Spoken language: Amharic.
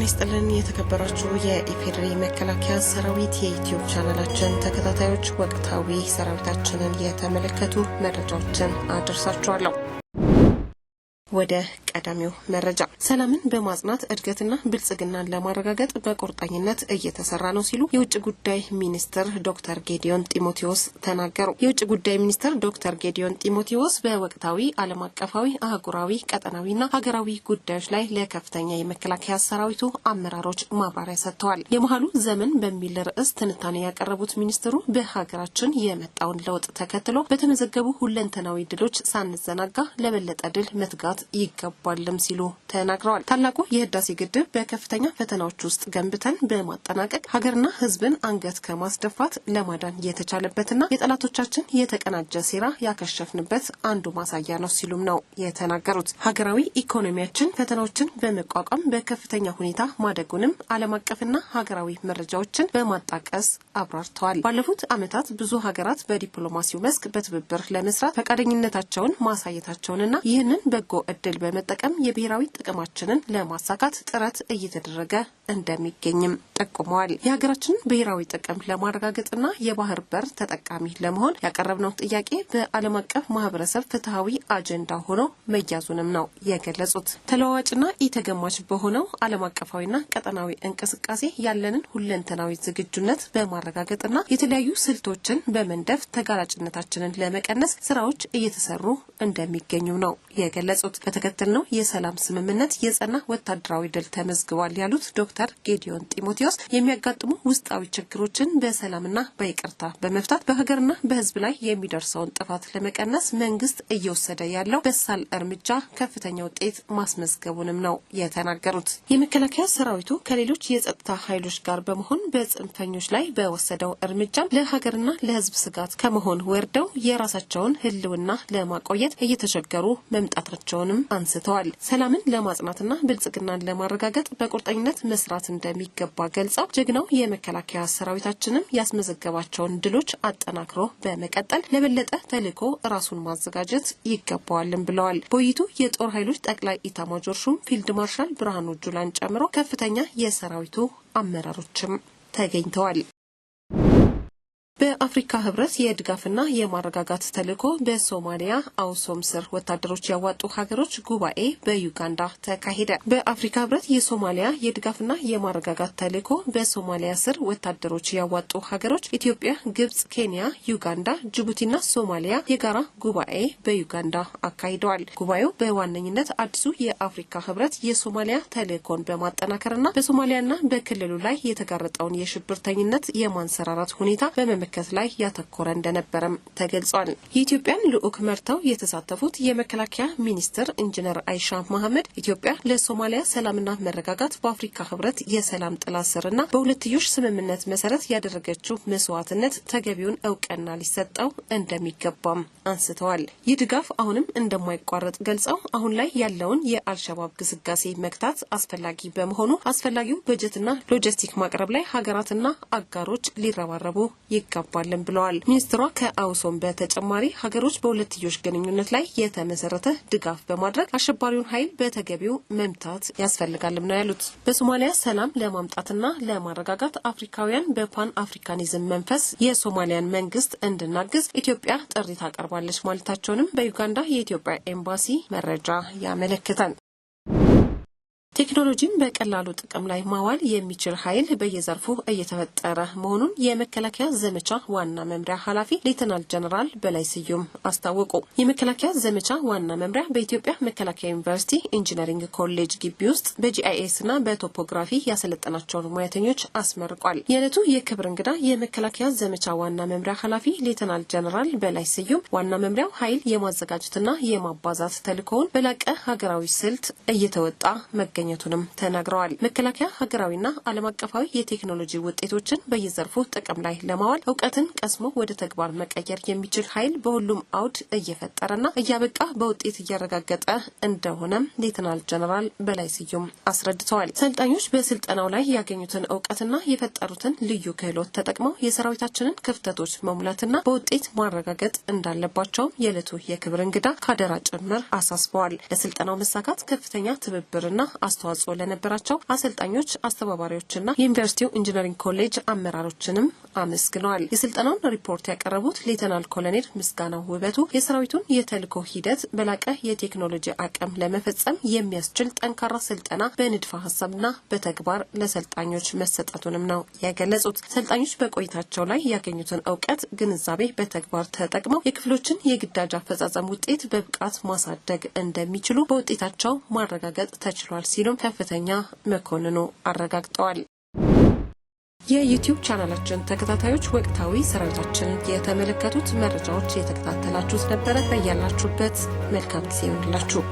ጤና ይስጥልን የተከበራችሁ የኢፌዴሪ መከላከያ ሰራዊት የዩትዩብ ቻናላችን ተከታታዮች ወቅታዊ ሰራዊታችንን የተመለከቱ መረጃዎችን አድርሳችኋለሁ ወደ ቀዳሚው መረጃ ሰላምን በማጽናት እድገትና ብልጽግናን ለማረጋገጥ በቁርጠኝነት እየተሰራ ነው ሲሉ የውጭ ጉዳይ ሚኒስትር ዶክተር ጌዲዮን ጢሞቴዎስ ተናገሩ። የውጭ ጉዳይ ሚኒስትር ዶክተር ጌዲዮን ጢሞቴዎስ በወቅታዊ ዓለም አቀፋዊ፣ አህጉራዊ፣ ቀጠናዊና ሀገራዊ ጉዳዮች ላይ ለከፍተኛ የመከላከያ ሰራዊቱ አመራሮች ማብራሪያ ሰጥተዋል። የመሀሉ ዘመን በሚል ርዕስ ትንታኔ ያቀረቡት ሚኒስትሩ በሀገራችን የመጣውን ለውጥ ተከትሎ በተመዘገቡ ሁለንተናዊ ድሎች ሳንዘናጋ ለበለጠ ድል መትጋት መስራት ይገባልም ሲሉ ተናግረዋል። ታላቁ የህዳሴ ግድብ በከፍተኛ ፈተናዎች ውስጥ ገንብተን በማጠናቀቅ ሀገርና ህዝብን አንገት ከማስደፋት ለማዳን የተቻለበትና የጠላቶቻችን የተቀናጀ ሴራ ያከሸፍንበት አንዱ ማሳያ ነው ሲሉም ነው የተናገሩት። ሀገራዊ ኢኮኖሚያችን ፈተናዎችን በመቋቋም በከፍተኛ ሁኔታ ማደጉንም ዓለም አቀፍና ሀገራዊ መረጃዎችን በማጣቀስ አብራርተዋል። ባለፉት ዓመታት ብዙ ሀገራት በዲፕሎማሲው መስክ በትብብር ለመስራት ፈቃደኝነታቸውን ማሳየታቸውንና ይህንን በጎ እድል በመጠቀም የብሔራዊ ጥቅማችንን ለማሳካት ጥረት እየተደረገ እንደሚገኝም ጠቁመዋል። የሀገራችንን ብሔራዊ ጥቅም ለማረጋገጥና የባህር በር ተጠቃሚ ለመሆን ያቀረብነው ጥያቄ በዓለም አቀፍ ማህበረሰብ ፍትሐዊ አጀንዳ ሆኖ መያዙንም ነው የገለጹት። ተለዋዋጭና ኢተገማች በሆነው ዓለም አቀፋዊና ቀጠናዊ እንቅስቃሴ ያለንን ሁለንተናዊ ዝግጁነት በማረጋገጥና የተለያዩ ስልቶችን በመንደፍ ተጋላጭነታችንን ለመቀነስ ስራዎች እየተሰሩ እንደሚገኙ ነው የገለጹት። በተከተል ነው የሰላም ስምምነት የጸና ወታደራዊ ድል ተመዝግቧል ያሉት ዶክተር ጌዲዮን ጢሞቴዎስ የሚያጋጥሙ ውስጣዊ ችግሮችን በሰላምና በይቅርታ በመፍታት በሀገርና በሕዝብ ላይ የሚደርሰውን ጥፋት ለመቀነስ መንግስት እየወሰደ ያለው በሳል እርምጃ ከፍተኛ ውጤት ማስመዝገቡንም ነው የተናገሩት። የመከላከያ ሰራዊቱ ከሌሎች የጸጥታ ኃይሎች ጋር በመሆን በጽንፈኞች ላይ በወሰደው እርምጃም ለሀገርና ለሕዝብ ስጋት ከመሆን ወርደው የራሳቸውን ሕልውና ለማቆየት እየተቸገሩ መምጣታቸውን መሆኑንም አንስተዋል። ሰላምን ለማጽናትና ብልጽግናን ለማረጋገጥ በቁርጠኝነት መስራት እንደሚገባ ገልጸው ጀግናው የመከላከያ ሰራዊታችንም ያስመዘገባቸውን ድሎች አጠናክሮ በመቀጠል ለበለጠ ተልዕኮ ራሱን ማዘጋጀት ይገባዋልም ብለዋል። በውይይቱ የጦር ኃይሎች ጠቅላይ ኢታማጆር ሹም ፊልድ ማርሻል ብርሃኑ ጁላን ጨምሮ ከፍተኛ የሰራዊቱ አመራሮችም ተገኝተዋል። በአፍሪካ ህብረት የድጋፍና የማረጋጋት ተልዕኮ በሶማሊያ አውሶም ስር ወታደሮች ያዋጡ ሀገሮች ጉባኤ በዩጋንዳ ተካሄደ። በአፍሪካ ህብረት የሶማሊያ የድጋፍና የማረጋጋት ተልዕኮ በሶማሊያ ስር ወታደሮች ያዋጡ ሀገሮች ኢትዮጵያ፣ ግብጽ፣ ኬንያ፣ ዩጋንዳ፣ ጅቡቲና ሶማሊያ የጋራ ጉባኤ በዩጋንዳ አካሂደዋል። ጉባኤው በዋነኝነት አዲሱ የአፍሪካ ህብረት የሶማሊያ ተልዕኮን በማጠናከርና በሶማሊያና በክልሉ ላይ የተጋረጠውን የሽብርተኝነት የማንሰራራት ሁኔታ በመመ መመከት ላይ ያተኮረ እንደነበረም ተገልጿል። የኢትዮጵያን ልዑክ መርተው የተሳተፉት የመከላከያ ሚኒስትር ኢንጂነር አይሻ መሐመድ ኢትዮጵያ ለሶማሊያ ሰላምና መረጋጋት በአፍሪካ ህብረት የሰላም ጥላ ስርና በሁለትዮሽ ስምምነት መሰረት ያደረገችው መስዋዕትነት ተገቢውን እውቅና ሊሰጠው እንደሚገባም አንስተዋል። ይህ ድጋፍ አሁንም እንደማይቋረጥ ገልጸው አሁን ላይ ያለውን የአልሸባብ ግስጋሴ መግታት አስፈላጊ በመሆኑ አስፈላጊው በጀትና ሎጂስቲክ ማቅረብ ላይ ሀገራትና አጋሮች ሊረባረቡ ይገባል እንጋባለን ብለዋል። ሚኒስትሯ ከአውሶም በተጨማሪ ሀገሮች በሁለትዮሽ ግንኙነት ላይ የተመሰረተ ድጋፍ በማድረግ አሸባሪውን ኃይል በተገቢው መምታት ያስፈልጋልም ነው ያሉት። በሶማሊያ ሰላም ለማምጣትና ለማረጋጋት አፍሪካውያን በፓን አፍሪካኒዝም መንፈስ የሶማሊያን መንግስት እንድናግዝ ኢትዮጵያ ጥሪ ታቀርባለች ማለታቸውንም በዩጋንዳ የኢትዮጵያ ኤምባሲ መረጃ ያመለክታል። ቴክኖሎጂን በቀላሉ ጥቅም ላይ ማዋል የሚችል ኃይል በየዘርፉ እየተፈጠረ መሆኑን የመከላከያ ዘመቻ ዋና መምሪያ ኃላፊ ሌተናል ጀነራል በላይ ስዩም አስታወቁ። የመከላከያ ዘመቻ ዋና መምሪያ በኢትዮጵያ መከላከያ ዩኒቨርሲቲ ኢንጂነሪንግ ኮሌጅ ግቢ ውስጥ በጂአይኤስና እና በቶፖግራፊ ያሰለጠናቸውን ሙያተኞች አስመርቋል። የዕለቱ የክብር እንግዳ የመከላከያ ዘመቻ ዋና መምሪያ ኃላፊ ሌተናል ጀነራል በላይ ስዩም ዋና መምሪያው ኃይል የማዘጋጀትና የማባዛት ተልእኮውን በላቀ ሀገራዊ ስልት እየተወጣ መገኘ ማግኘቱንም ተናግረዋል። መከላከያ ሀገራዊና ዓለም አቀፋዊ የቴክኖሎጂ ውጤቶችን በየዘርፉ ጥቅም ላይ ለማዋል እውቀትን ቀስሞ ወደ ተግባር መቀየር የሚችል ኃይል በሁሉም አውድ እየፈጠረና እያበቃ በውጤት እያረጋገጠ እንደሆነም ሌተናል ጀነራል በላይ ስዩም አስረድተዋል። ሰልጣኞች በስልጠናው ላይ ያገኙትን እውቀትና የፈጠሩትን ልዩ ክህሎት ተጠቅመው የሰራዊታችንን ክፍተቶች መሙላትና በውጤት ማረጋገጥ እንዳለባቸውም የዕለቱ የክብር እንግዳ ካደራ ጭምር አሳስበዋል። ለስልጠናው መሳካት ከፍተኛ ትብብርና አስ አስተዋጽኦ ለነበራቸው አሰልጣኞች፣ አስተባባሪዎችና የዩኒቨርሲቲው ኢንጂነሪንግ ኮሌጅ አመራሮችንም አመስግነዋል። የስልጠናውን ሪፖርት ያቀረቡት ሌተናል ኮሎኔል ምስጋናው ውበቱ የሰራዊቱን የተልእኮ ሂደት በላቀ የቴክኖሎጂ አቅም ለመፈጸም የሚያስችል ጠንካራ ስልጠና በንድፈ ሀሳብና በተግባር ለሰልጣኞች መሰጠቱንም ነው የገለጹት። ሰልጣኞች በቆይታቸው ላይ ያገኙትን እውቀት፣ ግንዛቤ በተግባር ተጠቅመው የክፍሎችን የግዳጅ አፈጻጸም ውጤት በብቃት ማሳደግ እንደሚችሉ በውጤታቸው ማረጋገጥ ተችሏል ሲል ሲሉም ከፍተኛ መኮንኑ አረጋግጠዋል። የዩቲዩብ ቻናላችን ተከታታዮች ወቅታዊ ስርዓታችንን የተመለከቱት መረጃዎች የተከታተላችሁት ነበረ። በያላችሁበት መልካም ጊዜ ይሆንላችሁ።